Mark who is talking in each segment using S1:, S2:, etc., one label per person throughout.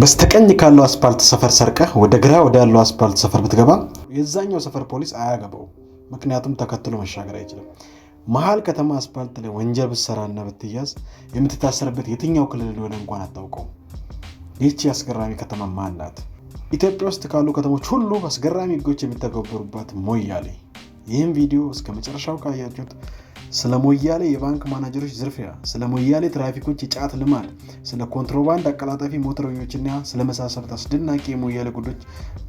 S1: በስተቀኝ ካለው አስፓልት ሰፈር ሰርቀህ ወደ ግራ ያለው አስፓልት ሰፈር ብትገባ የዛኛው ሰፈር ፖሊስ አያገባው፣ ምክንያቱም ተከትሎ መሻገር አይችልም። መሀል ከተማ አስፓልት ላይ ወንጀል ብትሰራና ብትያዝ የምትታሰርበት የትኛው ክልል እንደሆነ እንኳን አታውቀውም። ይህቺ አስገራሚ ከተማ ማን ናት? ኢትዮጵያ ውስጥ ካሉ ከተሞች ሁሉ አስገራሚ ህጎች የሚተገበሩባት ሞያሌ። ይህም ቪዲዮ እስከ መጨረሻው ካያችሁት ስለ ሞያሌ የባንክ ማናጀሮች ዝርፊያ፣ ስለ ሞያሌ ትራፊኮች የጫት ልማድ፣ ስለ ኮንትሮባንድ አቀላጣፊ ሞተረኞችና ስለ መሳሰሉት አስደናቂ የሞያሌ ጉዶች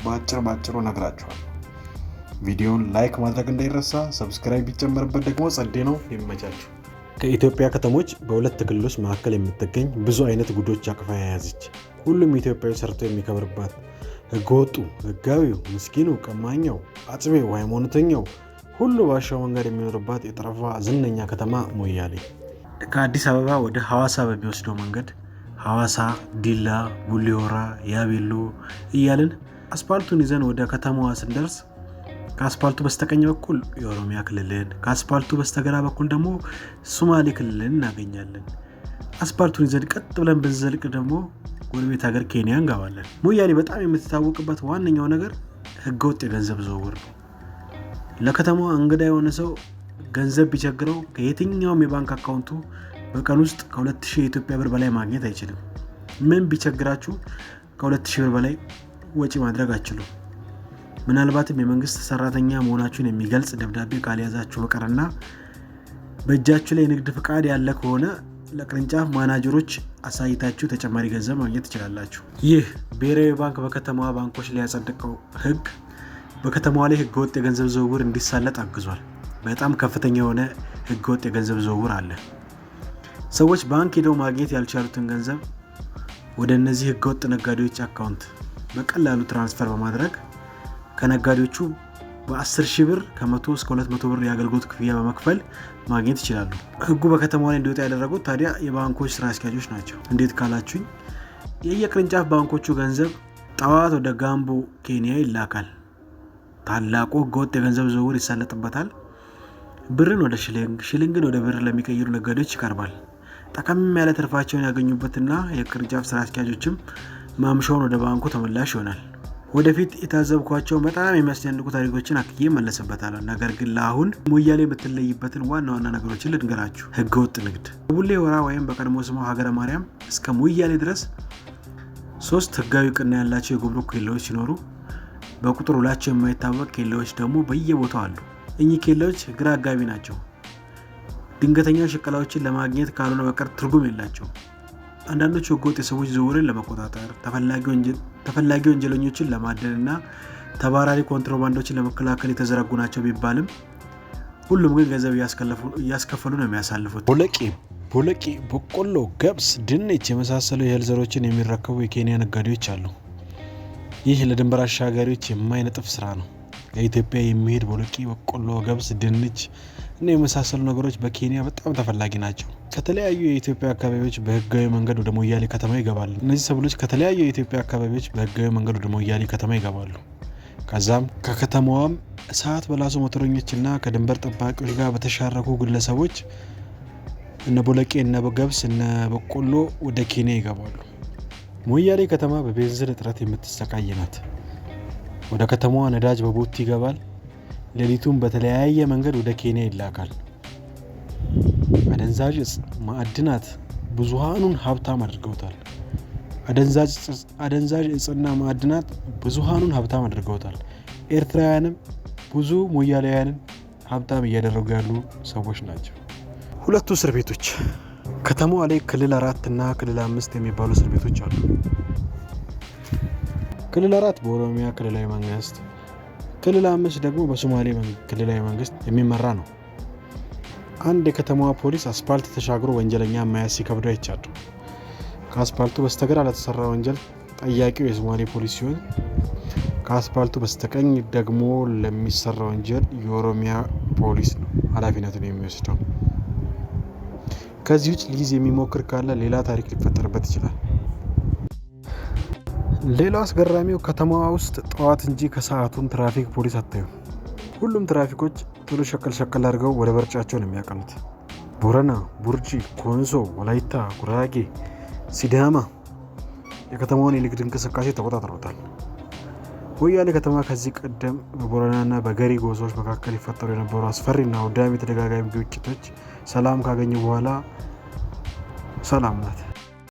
S1: በአጭር ባጭሩ ነግራቸኋል። ቪዲዮን ላይክ ማድረግ እንዳይረሳ፣ ሰብስክራይብ ቢጨመርበት ደግሞ ጸዴ ነው። የሚመቻቸው ከኢትዮጵያ ከተሞች በሁለት ክልሎች መካከል የምትገኝ ብዙ አይነት ጉዶች አቅፋ የያዘች ሁሉም ኢትዮጵያዊ ሰርቶ የሚከብርባት ህገወጡ፣ ህጋዊው፣ ምስኪኑ፣ ቀማኛው፣ አጥቤው፣ ሃይማኖተኛው ሁሉ ባሻው መንገድ የሚኖርባት የጠረፋ ዝነኛ ከተማ ሞያሌ። ከአዲስ አበባ ወደ ሐዋሳ በሚወስደው መንገድ ሐዋሳ፣ ዲላ፣ ቡሌ ያቤሎ እያልን አስፓልቱን ይዘን ወደ ከተማዋ ስንደርስ ከአስፓልቱ በስተቀኝ በኩል የኦሮሚያ ክልልን፣ ከአስፓልቱ በስተግራ በኩል ደግሞ ሶማሌ ክልልን እናገኛለን። አስፓልቱን ይዘን ቀጥ ብለን ብንዘልቅ ደግሞ ጎረቤት ሀገር ኬንያ እንገባለን። ሞያሌ በጣም የምትታወቅበት ዋነኛው ነገር ህገወጥ የገንዘብ ዝውውር ነው። ለከተማዋ እንግዳ የሆነ ሰው ገንዘብ ቢቸግረው ከየትኛውም የባንክ አካውንቱ በቀን ውስጥ ከ2000 የኢትዮጵያ ብር በላይ ማግኘት አይችልም። ምን ቢቸግራችሁ ከ2000 ብር በላይ ወጪ ማድረግ አችሉም። ምናልባትም የመንግስት ሰራተኛ መሆናችሁን የሚገልጽ ደብዳቤ ካልያዛችሁ በቀርና በእጃችሁ ላይ የንግድ ፍቃድ ያለ ከሆነ ለቅርንጫፍ ማናጀሮች አሳይታችሁ ተጨማሪ ገንዘብ ማግኘት ትችላላችሁ። ይህ ብሔራዊ ባንክ በከተማዋ ባንኮች ላይ ያጸደቀው ህግ በከተማዋ ላይ ህገወጥ የገንዘብ ዝውውር እንዲሳለጥ አግዟል። በጣም ከፍተኛ የሆነ ህገወጥ የገንዘብ ዝውውር አለ። ሰዎች ባንክ ሄደው ማግኘት ያልቻሉትን ገንዘብ ወደ እነዚህ ህገወጥ ነጋዴዎች አካውንት በቀላሉ ትራንስፈር በማድረግ ከነጋዴዎቹ በ10 ሺህ ብር ከ እስከ እስከ 200 ብር የአገልግሎት ክፍያ በመክፈል ማግኘት ይችላሉ። ህጉ በከተማዋ ላይ እንዲወጣ ያደረጉት ታዲያ የባንኮች ስራ አስኪያጆች ናቸው። እንዴት ካላችሁኝ የየቅርንጫፍ ባንኮቹ ገንዘብ ጠዋት ወደ ጋምቦ ኬንያ ይላካል። ታላቁ ህገወጥ የገንዘብ ዝውውር ይሳለጥበታል። ብርን ወደ ሽሊንግ፣ ሽሊንግን ወደ ብር ለሚቀይሩ ነጋዴዎች ይቀርባል። ጠቀም ያለ ትርፋቸውን ያገኙበትና የቅርንጫፍ ስራ አስኪያጆችም ማምሻውን ወደ ባንኩ ተመላሽ ይሆናል። ወደፊት የታዘብኳቸው በጣም የሚያስደንቁ ታሪኮችን አክዬ እመለስበታለሁ። ነገር ግን ለአሁን ሞያሌ የምትለይበትን ዋና ዋና ነገሮችን ልንገራችሁ። ህገወጥ ንግድ ቡሌ ሆራ ወይም በቀድሞ ስሟ ሀገረ ማርያም እስከ ሞያሌ ድረስ ሶስት ህጋዊ ቅና ያላቸው የጉምሩክ ኬላዎች ሲኖሩ በቁጥር ውላቸው የማይታወቅ ኬላዎች ደግሞ በየቦታው አሉ። እኚህ ኬላዎች ግራ አጋቢ ናቸው። ድንገተኛ ሽቀላዎችን ለማግኘት ካልሆነ በቀር ትርጉም የላቸው። አንዳንዶቹ ህገወጥ የሰዎች ዝውውርን ለመቆጣጠር ተፈላጊ ወንጀለኞችን ለማደን እና ተባራሪ ኮንትሮባንዶችን ለመከላከል የተዘረጉ ናቸው ቢባልም ሁሉም ግን ገንዘብ እያስከፈሉ ነው የሚያሳልፉት። ቦለቄ ቦለቄ፣ በቆሎ፣ ገብስ፣ ድንች የመሳሰሉ የእህል ዘሮችን የሚረከቡ የኬንያ ነጋዴዎች አሉ። ይህ ለድንበር አሻጋሪዎች የማይነጥፍ ስራ ነው። ለኢትዮጵያ የሚሄድ ቦሎቄ፣ በቆሎ፣ ገብስ፣ ድንች እና የመሳሰሉ ነገሮች በኬንያ በጣም ተፈላጊ ናቸው። ከተለያዩ የኢትዮጵያ አካባቢዎች በህጋዊ መንገድ ወደ ሞያሌ ከተማ ይገባሉ። እነዚህ ሰብሎች ከተለያዩ የኢትዮጵያ አካባቢዎች በህጋዊ መንገድ ወደ ሞያሌ ከተማ ይገባሉ። ከዛም ከከተማዋም ሰዓት በላሱ ሞተረኞችና ከድንበር ጠባቂዎች ጋር በተሻረኩ ግለሰቦች እነ ቦለቄ፣ እነ ገብስ፣ እነ በቆሎ ወደ ኬንያ ይገባሉ። ሞያሌ ከተማ በቤንዚን እጥረት የምትሰቃይ ናት። ወደ ከተማዋ ነዳጅ በቦት ይገባል። ሌሊቱም በተለያየ መንገድ ወደ ኬንያ ይላካል። አደንዛዥ እጽ፣ ማዕድናት ብዙሃኑን ሀብታም አድርገውታል። አደንዛዥ እጽና ማዕድናት ብዙሃኑን ሀብታም አድርገውታል። ኤርትራውያንም ብዙ ሞያሌያንን ሀብታም እያደረጉ ያሉ ሰዎች ናቸው። ሁለቱ እስር ቤቶች ከተማዋ ላይ ክልል አራት እና ክልል አምስት የሚባሉ እስር ቤቶች አሉ። ክልል አራት በኦሮሚያ ክልላዊ መንግስት፣ ክልል አምስት ደግሞ በሶማሌ ክልላዊ መንግስት የሚመራ ነው። አንድ የከተማዋ ፖሊስ አስፓልት ተሻግሮ ወንጀለኛ መያዝ ሲከብደው አይቻለሁ። ከአስፓልቱ በስተግራ ለተሰራ ወንጀል ጠያቂው የሶማሌ ፖሊስ ሲሆን ከአስፓልቱ በስተቀኝ ደግሞ ለሚሰራ ወንጀል የኦሮሚያ ፖሊስ ነው ኃላፊነቱን የሚወስደው። ከዚህ ውጭ ሊይዝ የሚሞክር ካለ ሌላ ታሪክ ሊፈጠርበት ይችላል። ሌላው አስገራሚው ከተማዋ ውስጥ ጠዋት እንጂ ከሰዓቱን ትራፊክ ፖሊስ አታዩም። ሁሉም ትራፊኮች ቶሎ ሸቀል ሸቀል አድርገው ወደ በርጫቸው ነው የሚያቀኑት። ቦረና፣ ቡርጂ፣ ኮንሶ፣ ወላይታ፣ ጉራጌ፣ ሲዳማ የከተማውን የንግድ እንቅስቃሴ ተቆጣጥረውታል። ሞያሌ ከተማ ከዚህ ቀደም በቦረናና በገሪ ጎዞዎች መካከል ይፈጠሩ የነበሩ አስፈሪና አውዳሚ ተደጋጋሚ ግጭቶች ሰላም ካገኙ በኋላ ሰላም ናት።